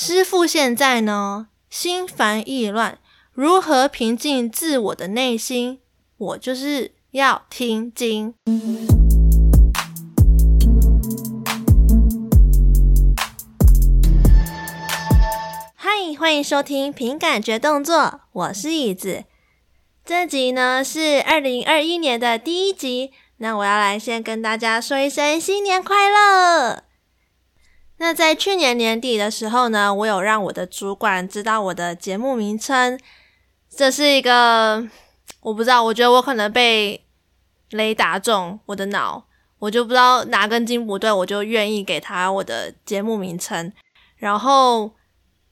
師父現在呢，心煩意亂，如何平靜自我的內心？我就是要聽經。嗨，歡迎收聽《憑感覺動作》，我是椅子。這集呢是二零二一年的第一集，那我要來先跟大家說一聲新年快樂。那在去年年底的時候呢，我有讓我的主管知道我的節目名稱。這是一個我不知道，我覺得我可能被雷打中我的腦，我就不知道哪根筋不對，我就願意給他我的節目名稱。然後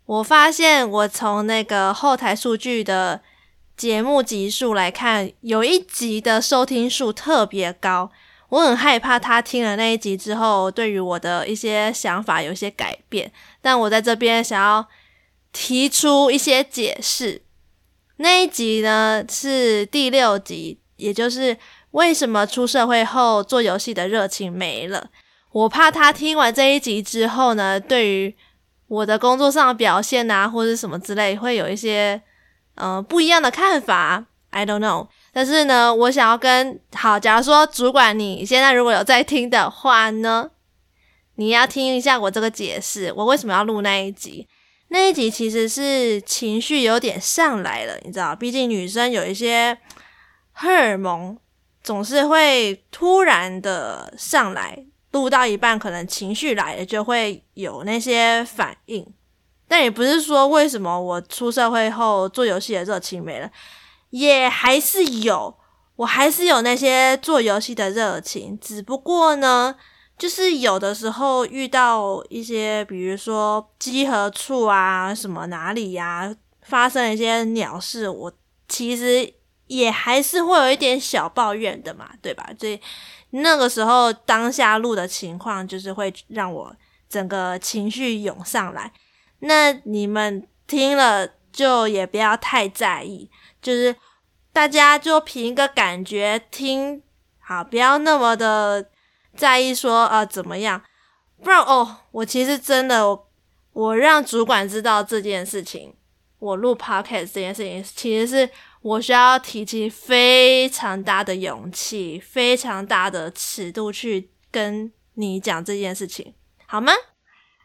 我發現，我從那個後台數據的節目集數來看，有一集的收聽數特別高。我很害怕他聽了那一集之後，對於我的一些想法有一些改變。但我在這邊想要提出一些解釋。那一集呢，是第六集，也就是為什麼出社會後做遊戲的熱情沒了。我怕他聽完這一集之後呢，對於我的工作上的表現啊，或者什麼之類，會有一些嗯、呃、不一樣的看法。I don't know。但是呢，我想要跟好，假如說主管你現在如果有在聽的話呢，你要聽一下我這個解釋，我為什麼要錄那一集？那一集其實是情緒有點上來了，你知道，畢竟女生有一些荷爾蒙總是會突然的上來，錄到一半可能情緒來了就會有那些反應。但也不是說為什麼我出社會後做遊戲的熱情沒了。也還是有，我還是有那些做遊戲的熱情，只不過呢，就是有的時候遇到一些，比如說集合處啊，什麼哪裡呀、啊，發生一些鳥事，我其實也還是會有一點小抱怨的嘛，對吧？所以那個時候當下錄的情況，就是會讓我整個情緒湧上來。那你們聽了就也不要太在意，就是。大家就憑一個感覺聽好，不要那麼的在意說呃怎麼樣，不然哦，我其實真的我，我讓主管知道這件事情，我錄 podcast 這件事情，其實是我需要提起非常大的勇氣、非常大的尺度去跟你講這件事情，好嗎？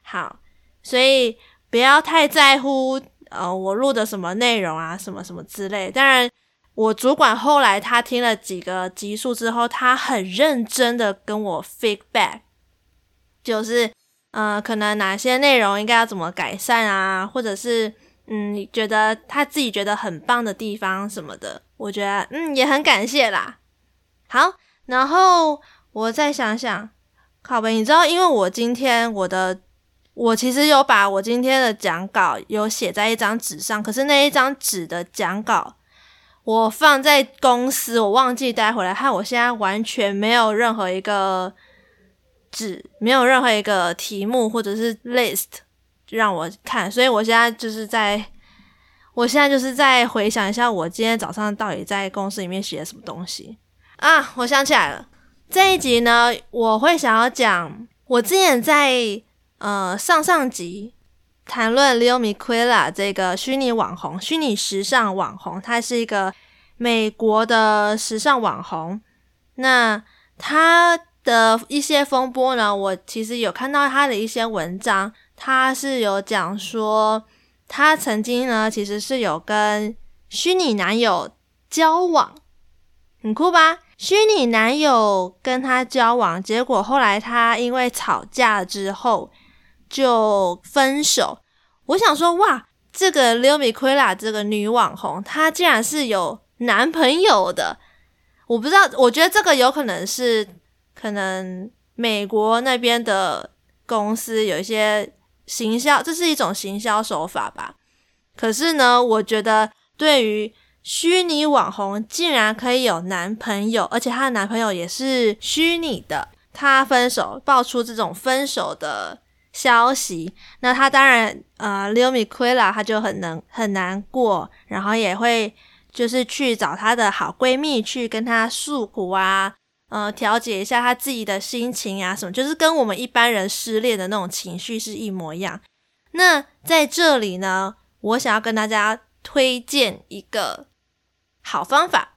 好，所以不要太在乎呃我錄的什麼內容啊，什麼什麼之類，當然。我主管後來他聽了幾個集數之後，他很認真的跟我 feedback，就是，嗯，呃，可能哪些內容應該要怎麼改善啊，或者是，嗯，覺得他自己覺得很棒的地方什麼的，我覺得，嗯，也很感謝啦。好，然後我再想想，好吧，你知道，因為我今天我的，我其實有把我今天的講稿有寫在一張紙上，可是那一張紙的講稿。我放在公司，我忘記帶回來。害我現在完全沒有任何一個紙，沒有任何一個題目或者是 list 讓我看。所以我現在就是在，我現在就是在回想一下我今天早上到底在公司裡面寫了什麼東西。啊，我想起來了，這一集呢，我會想要講，我之前在，呃，上上集。談論 Lil Miquela 這個虛擬網紅、虛擬時尚網紅，他是一個美國的時尚網紅。那他的一些風波呢，我其實有看到他的一些文章，他是有講說他曾經呢，其實是有跟虛擬男友交往，很酷吧？虛擬男友跟他交往，結果後來他因為吵架之後就分手。我想說，哇，這個 Lil Miquela 這個女網紅，她竟然是有男朋友的。我不知道，我覺得這個有可能是可能美國那邊的公司有一些行銷，這是一種行銷手法吧。可是呢，我覺得對於虛擬網紅竟然可以有男朋友，而且她的男朋友也是虛擬的，她分手爆出這種分手的。消息，那她當然，呃，Lil Miquela，她就很能很難過，然後也會就是去找她的好閨蜜去跟她訴苦啊，呃，調節一下她自己的心情啊，什麼，就是跟我們一般人失戀的那種情緒是一模一樣。那在這裡呢，我想要跟大家推薦一個好方法，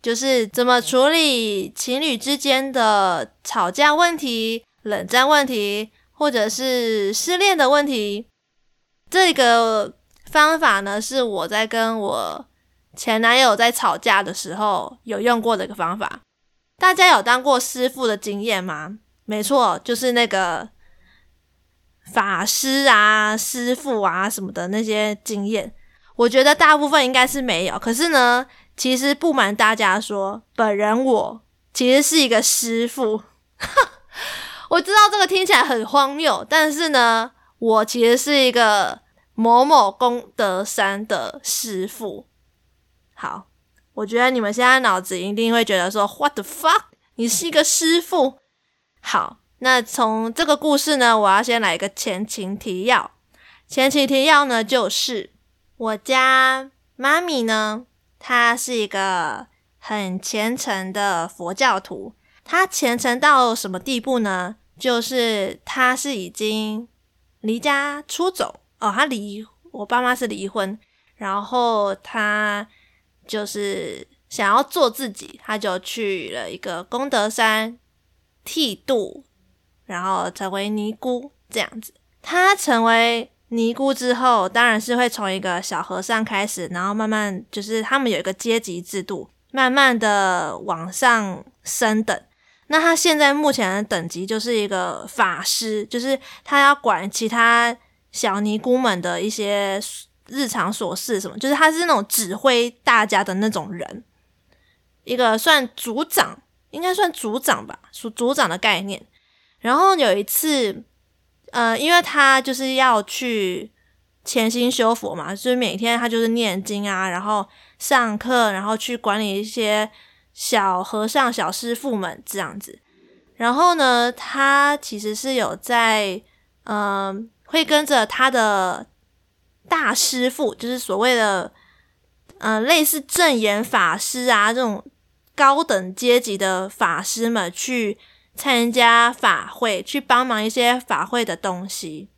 就是怎麼處理情侶之間的吵架問題、冷戰問題，或者是失戀的問題，這個方法呢是我在跟我前男友在吵架的時候有用過的一個方法。大家有當過師父的經驗嗎？沒錯，就是那個法師啊、師父啊什麼的那些經驗。我覺得大部分應該是沒有，可是呢，其實不瞞大家說，本人我其實是一個師父。我知道這個聽起來很荒謬，但是呢，我其實是一個某某功德山的師父。好，我覺得你們現在腦子一定會覺得說 “What the fuck？你是一個師父。”好，那從這個故事呢，我要先來一個前情提要。前情提要呢，就是我家媽咪呢，她是一個很虔誠的佛教徒。他虔誠到什麼地步呢？就是他是已經離家出走哦，他離我爸媽是離婚，然後他就是想要做自己，他就去了一個功德山剃度，然後成為尼姑這樣子。他成為尼姑之後，當然是會從一個小和尚開始，然後慢慢就是他們有一個階級制度，慢慢的往上升等。那他現在目前的等級就是一個法師，就是他要管其他小尼姑們的一些日常瑣事什麼，就是他是那種指揮大家的那種人，一個算組長，應該算組長吧，屬組長的概念。然後有一次，呃，因為他就是要去潛心修佛嘛，就是每天他就是念經啊，然後上課，然後去管理一些。小和尚、小師傅們這樣子，然後呢，他其實是有在，嗯、呃，會跟着他的大師傅，就是所謂的，嗯、呃，類似證嚴法師啊這種高等階級的法師們去參加法會，去幫忙一些法會的東西。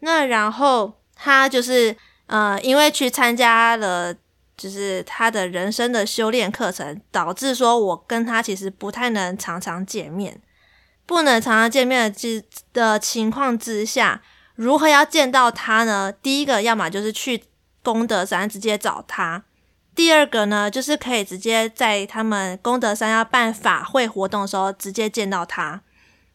那然後他就是，呃，因為去參加了。就是他的人生的修煉課程，導致說我跟他其實不太能常常見面，不能常常見面的情況之下，如何要見到他呢？第一個，要麼就是去功德山直接找他；第二個呢，就是可以直接在他們功德山要辦法會活動的時候直接見到他。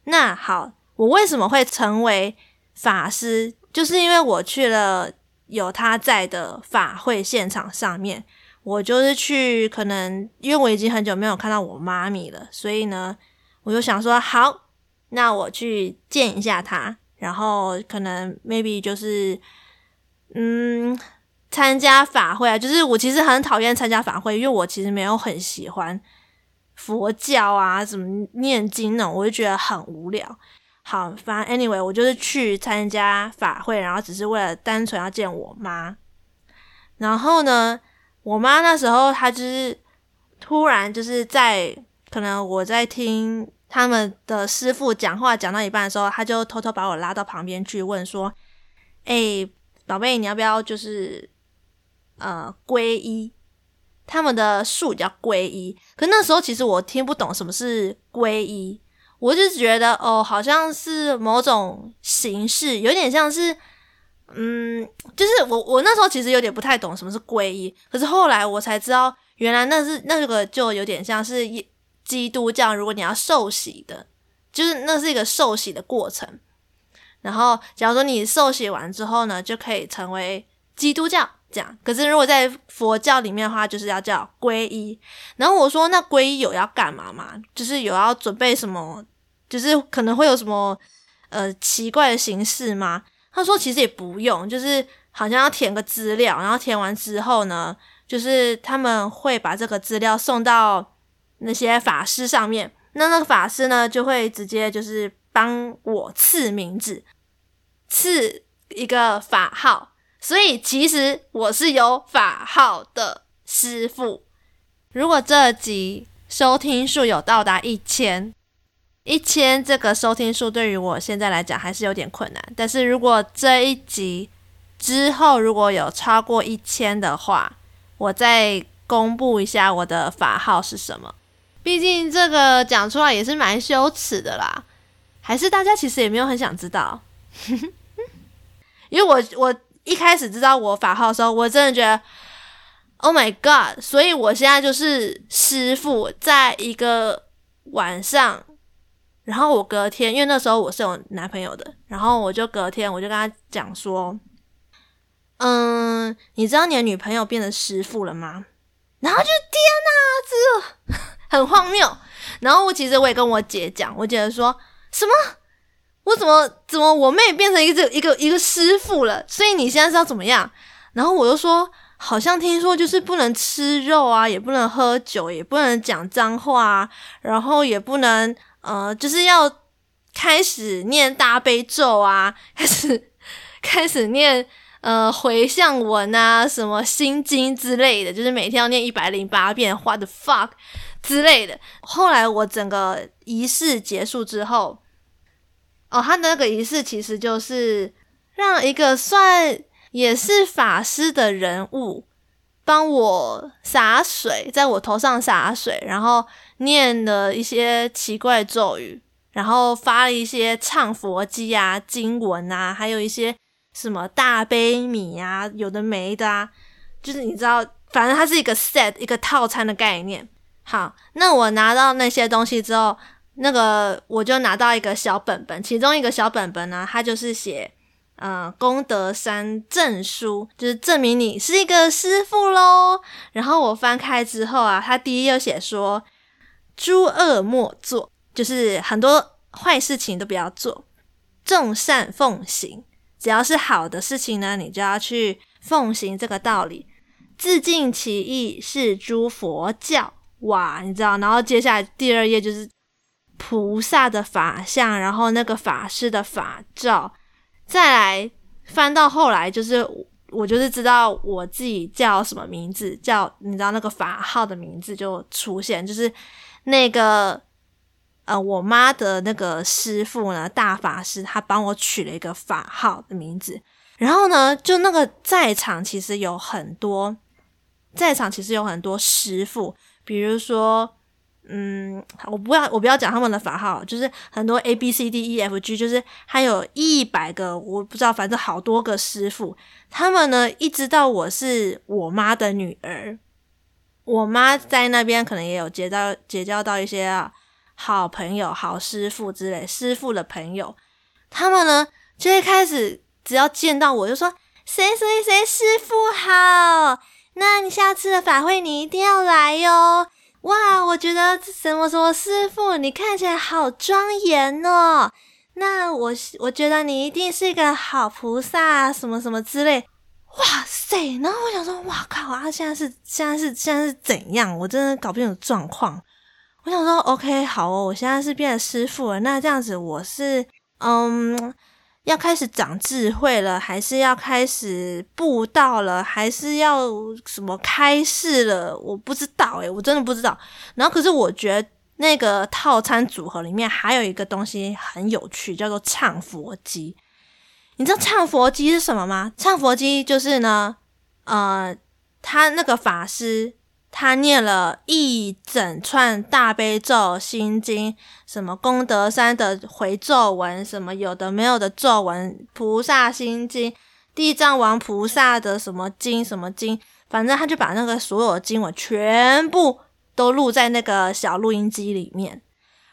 那好，我為什麼會成為法師？就是因為我去了。有他在的法會現場上面，我就是去，可能因為我已經很久沒有看到我媽咪了，所以呢，我就想說，好，那我去見一下她，然後可能 maybe 就是，嗯，參加法會啊，就是我其實很討厭參加法會，因為我其實沒有很喜歡佛教啊，什麼念經那種，我就覺得很無聊。好，煩 anyway，我就是去參加法會，然後只是為了單純要見我媽。然後呢，我媽那時候她就是突然就是在可能我在聽他們的師傅講話講到一半的時候，她就偷偷把我拉到旁邊去問說：“哎、欸，寶貝，你要不要就是呃皈依？他們的術語叫皈依。可那時候其實我聽不懂什麼是皈依。”我就覺得哦，好像是某種形式，有點像是，嗯，就是我我那時候其實有點不太懂什麼是皈依，可是後來我才知道，原來那是那個就有點像是一基督教，如果你要受洗的，就是那是一個受洗的過程。然後假如說你受洗完之後呢，就可以成為基督教這樣。可是如果在佛教裡面的話，就是要叫皈依。然後我說那皈依有要幹嘛嗎？就是有要準備什麼？就是可能會有什麼呃奇怪的形式嗎？他說其實也不用，就是好像要填個資料，然後填完之後呢，就是他們會把這個資料送到那些法師上面，那那個法師呢就會直接就是幫我賜名字，賜一個法號，所以其實我是有法號的。師父，如果這集收聽數有到達一千。一千這個收聽數對於我現在來講還是有點困難，但是如果這一集之後如果有超過一千的話，我再公布一下我的法號是什麼。畢竟這個講出來也是蠻羞恥的啦，還是大家其實也沒有很想知道。哼哼哼，因為我我一開始知道我法號的時候，我真的覺得 Oh my God！所以我現在就是師父在一個晚上。然後我隔天，因為那時候我是有男朋友的，然後我就隔天我就跟他講說：“嗯，你知道你的女朋友變成師父了嗎？”然後就天哪，這很荒謬。然後我其實我也跟我姐講，我姐說什麼？我怎麼怎麼我妹變成一個一個一個師父了？所以你現在是要怎麼樣？然後我就說，好像聽說就是不能吃肉啊，也不能喝酒，也不能講髒話啊，然後也不能。呃，就是要開始念大悲咒啊，開始開始念呃回向文啊，什麼心經之類的，就是每天要念一百零八遍，what the fuck 之類的。後來我整個儀式結束之後，哦，他的那個儀式其實就是讓一個算也是法師的人物。幫我灑水，在我頭上灑水，然後念了一些奇怪咒語，然後發了一些唱佛機啊、經文啊，還有一些什麼大悲米啊，有的沒的啊，就是你知道，反正它是一個 set 一個套餐的概念。好，那我拿到那些東西之後，那個我就拿到一個小本本，其中一個小本本呢，它就是寫。呃、嗯，功德三證書就是證明你是一個師父嘍。然後我翻開之後啊，他第一頁寫說：“諸惡莫作”，就是很多壞事情都不要做；“眾善奉行”，只要是好的事情呢，你就要去奉行這個道理。“自淨其意，是諸佛教。”哇，你知道？然後接下來第二頁就是菩薩的法相，然後那個法師的法照。再來翻到後來，就是我，我就是知道我自己叫什麼名字，叫你知道那個法號的名字就出現，就是那個呃，我媽的那個師傅呢，大法師，他幫我取了一個法號的名字，然後呢，就那個在場其實有很多，在場其實有很多師傅，比如說。嗯，我不要，我不要講他們的法號，就是很多 A B C D E F G，就是還有一百個，我不知道，反正好多個師傅。他們呢，一直到我是我媽的女兒，我媽在那邊可能也有結交結交到一些啊好朋友、好師傅之類師傅的朋友。他們呢，就會開始只要見到我就說：“誰誰誰，師傅好！那你下次的法會你一定要來喲。”哇，我覺得什麼什麼師父，你看起來好莊嚴哦。那我我覺得你一定是一個好菩薩啊，什麼什麼之類。哇塞！然後我想說，哇靠啊！現在是現在是現在是怎樣？我真的搞不懂狀況。我想說，OK，好哦，我現在是變成師父了。那這樣子，我是嗯。要開始長智慧了，還是要開始布道了，還是要什麼開示了？我不知道誒、欸、我真的不知道。然後，可是我覺得那個套餐組合裡面還有一個東西很有趣，叫做唱佛機。你知道唱佛機是什麼嗎？唱佛機就是呢，呃，他那個法師。他念了一整串大悲咒、心經，什麼功德山的回咒文，什麼有的沒有的咒文，菩薩心經、地藏王菩薩的什麼經、什麼經，反正他就把那個所有的經文全部都錄在那個小錄音機裡面。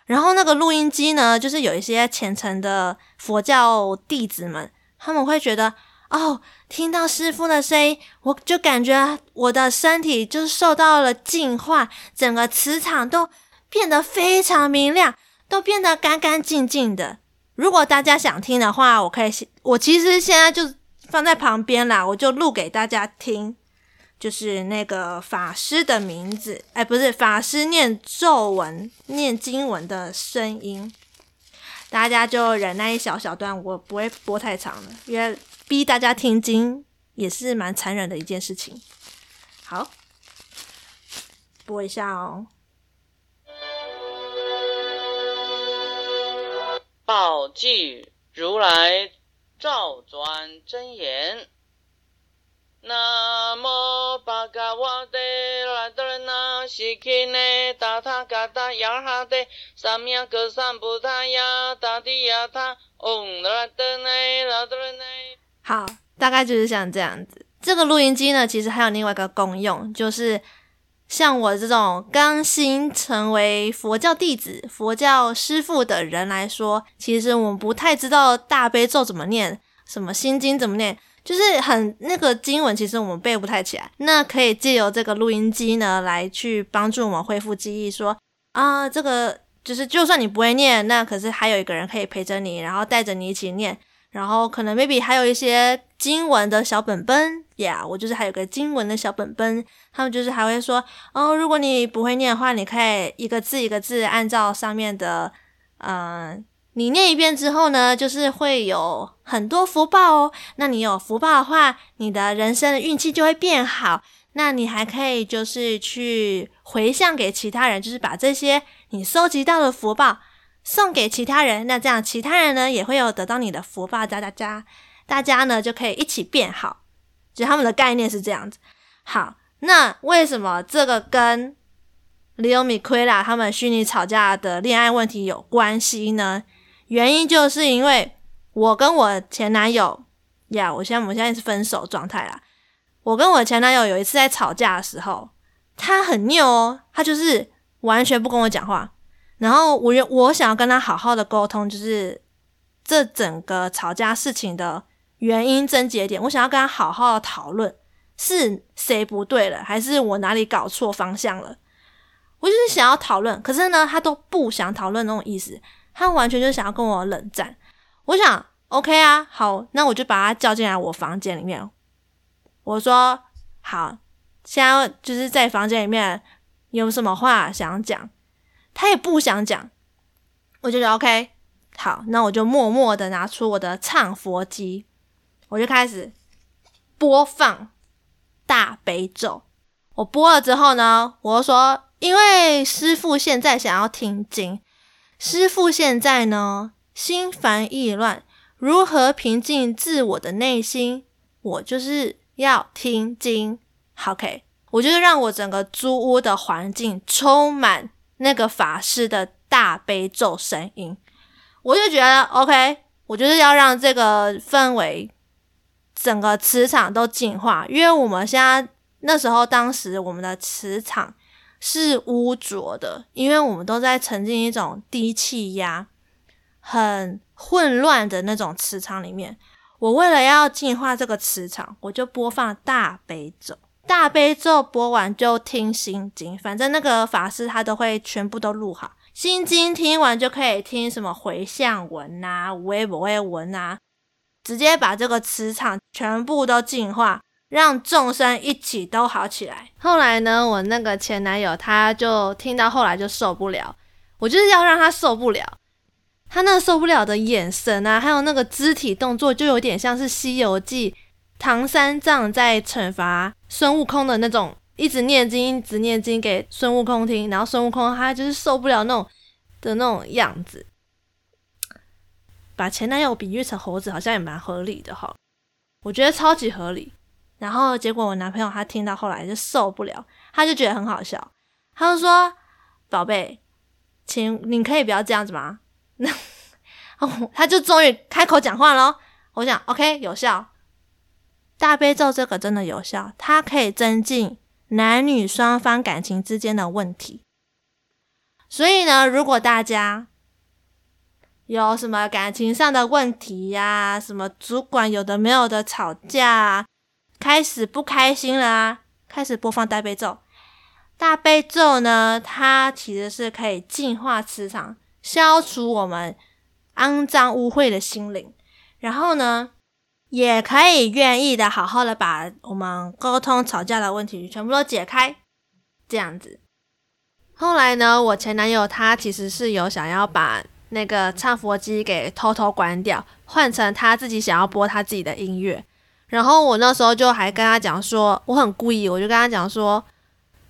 然後那個錄音機呢，就是有一些虔誠的佛教弟子們，他們會覺得。哦、oh，聽到師父的聲音，我就感覺我的身體就是受到了淨化，整個磁場都變得非常明亮，都變得乾乾淨淨的。如果大家想聽的話，我可以，我其實現在就放在旁邊啦，我就錄給大家聽，就是那個法師的名字，哎，不是法師念咒文、念經文的聲音。大家就忍耐一小小段，我不會播太長的，因為逼大家聽經也是蠻殘忍的一件事情。好，播一下哦。寶記如來照轉真言。 好，大概就是像這樣子。這個錄音機呢，其實還有另外一個功用，就是像我這種剛新成為佛教弟子、佛教師父的人來說，其實我們不太知道大悲咒怎麼念，什麼心經怎麼念。就是很那個經文，其實我們背不太起來，那可以借由這個錄音機呢，來去幫助我們恢復記憶。說啊，這個就是就算你不會念，那可是還有一個人可以陪着你，然後帶着你一起念，然後可能 maybe 還有一些經文的小本本呀。Yeah, 我就是還有個經文的小本本，他們就是還會說，哦，如果你不會念的話，你可以一個字一個字按照上面的，嗯。你念一遍之後呢，就是會有很多福報哦。那你有福報的話，你的人生的運氣就會變好。那你還可以就是去回向給其他人，就是把這些你收集到的福報送給其他人。那這樣其他人呢也會有得到你的福報，加加加，大家呢就可以一起變好。就是他們的概念是這樣子。好，那為什麼這個跟 Lil Miquela 他們虛擬吵架的戀愛問題有關係呢？原因就是因為我跟我前男友呀，yeah，我現在我們現在是分手狀態啦。我跟我前男友有一次在吵架的時候，他很拗哦，他就是完全不跟我講話。然後我我想要跟他好好的溝通，就是這整個吵架事情的原因症結點。我想要跟他好好的討論，是誰不對了，還是我哪裡搞錯方向了？我就是想要討論，可是呢，他都不想討論那種意思。他完全就想要跟我冷戰，我想 OK 啊，好，那我就把他叫進來我房間裡面。我說好，現在就是在房間裡面有什麼話想講，他也不想講，我就覺得 OK，好，那我就默默的拿出我的唱佛機，我就開始播放大悲咒。我播了之後呢，我就說，因為師父現在想要聽經。師父現在呢，心煩意亂，如何平靜自我的內心？我就是要聽經，OK，我就是讓我整個租屋的環境充滿那個法師的大悲咒聲音，我就覺得 OK，我就是要讓這個氛圍，整個磁場都淨化，因為我們現在那時候當時我們的磁場。是污濁的，因為我們都在沉浸一種低氣壓、很混亂的那種磁場裡面。我為了要淨化這個磁場，我就播放大悲咒，大悲咒播完就聽心經，反正那個法師他都會全部都錄好。心經聽完就可以聽什麼回向文啊、維摩詰文啊，直接把這個磁場全部都淨化。讓眾生一起都好起來。後來呢，我那個前男友他就聽到，後來就受不了。我就是要讓他受不了。他那個受不了的眼神啊，還有那個肢體動作，就有點像是《西遊記》唐三藏在懲罰孫悟空的那種，一直念經，一直念經給孫悟空聽，然後孫悟空他就是受不了那種的那種樣子。把前男友比喻成猴子，好像也蠻合理的齁，我覺得超級合理。然後結果我男朋友他聽到後來就受不了，他就覺得很好笑，他就說：“寶貝，請你可以不要這樣子嗎？”那哦，他就終於開口講話了。我想，OK，有效。大悲咒這個真的有效，它可以增進男女雙方感情之間的問題。所以呢，如果大家有什麼感情上的問題呀、啊，什麼主管有的沒有的吵架、啊。開始不開心了啊，開始播放大悲咒。大悲咒呢，它其實是可以淨化磁場，消除我們骯髒污穢的心靈。然後呢，也可以願意的好好的把我們溝通吵架的問題全部都解開。這樣子。後來呢，我前男友他其實是有想要把那個唱佛機給偷偷關掉，換成他自己想要播他自己的音樂。然後我那時候就還跟他講說，我很故意，我就跟他講說，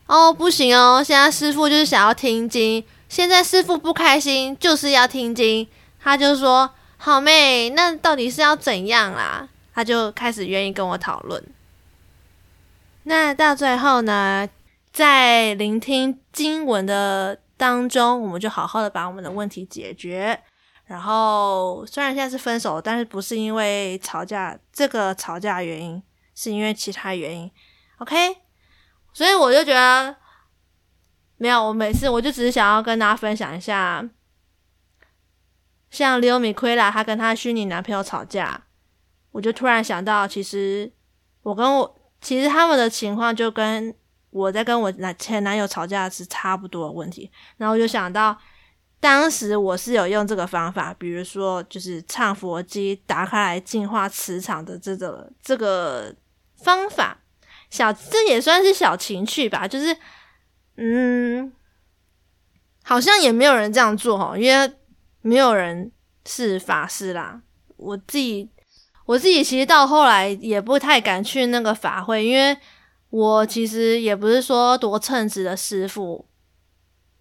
哦，不行哦，現在師父就是想要聽經，現在師父不開心，就是要聽經。他就說，好妹，那到底是要怎樣啦？他就開始願意跟我討論。那到最後呢，在聆聽經文的當中，我們就好好的把我們的問題解決。然後雖然現在是分手，但是不是因為吵架，這個吵架原因是因為其他原因，OK？所以我就覺得沒有，我每次我就只是想要跟大家分享一下，像 LilMiquela 啦，他跟他的虛擬男朋友吵架，我就突然想到，其實我跟我其實他們的情況就跟我在跟我男前男友吵架是差不多的問題，然後我就想到。當時我是有用這個方法，比如說就是唱佛機打開來淨化磁場的這個這個方法，小這也算是小情趣吧，就是嗯，好像也沒有人這樣做，因為沒有人是法師啦。我自己我自己其實到後來也不太敢去那個法會，因為我其實也不是說多稱職的師父，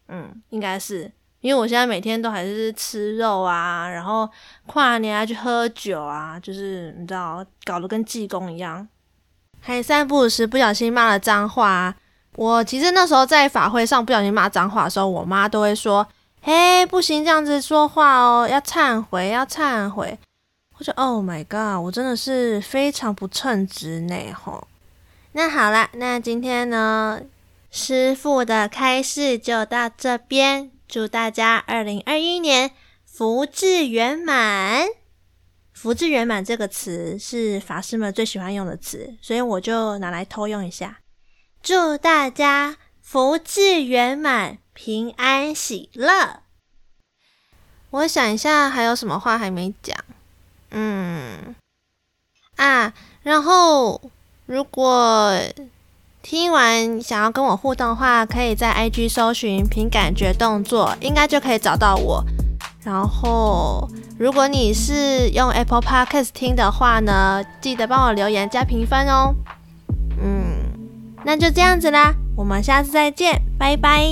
嗯，應該是。因為我現在每天都還是吃肉啊，然後跨年還去喝酒啊，就是你知道，搞得跟濟公一樣。還散步時不小心罵了髒話。我其實那時候在法會上不小心罵髒話的時候，我媽都會說：“嘿、欸，不行，這樣子說話哦，要懺悔，要懺悔。我”我說：“Oh my god，我真的是非常不稱職內吼。”那好了，那今天呢，師父的開示就到這邊。祝大家二零二一年福至圓滿。福至圓滿這個詞是法師們最喜歡用的詞，所以我就拿來偷用一下。祝大家福至圓滿，平安喜樂。我想一下還有什麼話還沒講。嗯，啊，然後如果。聽完想要跟我互動的話，可以在 IG 搜尋“憑感覺動作”，應該就可以找到我。然後，如果你是用 Apple Podcast 聽的話呢，記得幫我留言加評分哦。嗯，那就這樣子啦，我們下次再見，拜拜。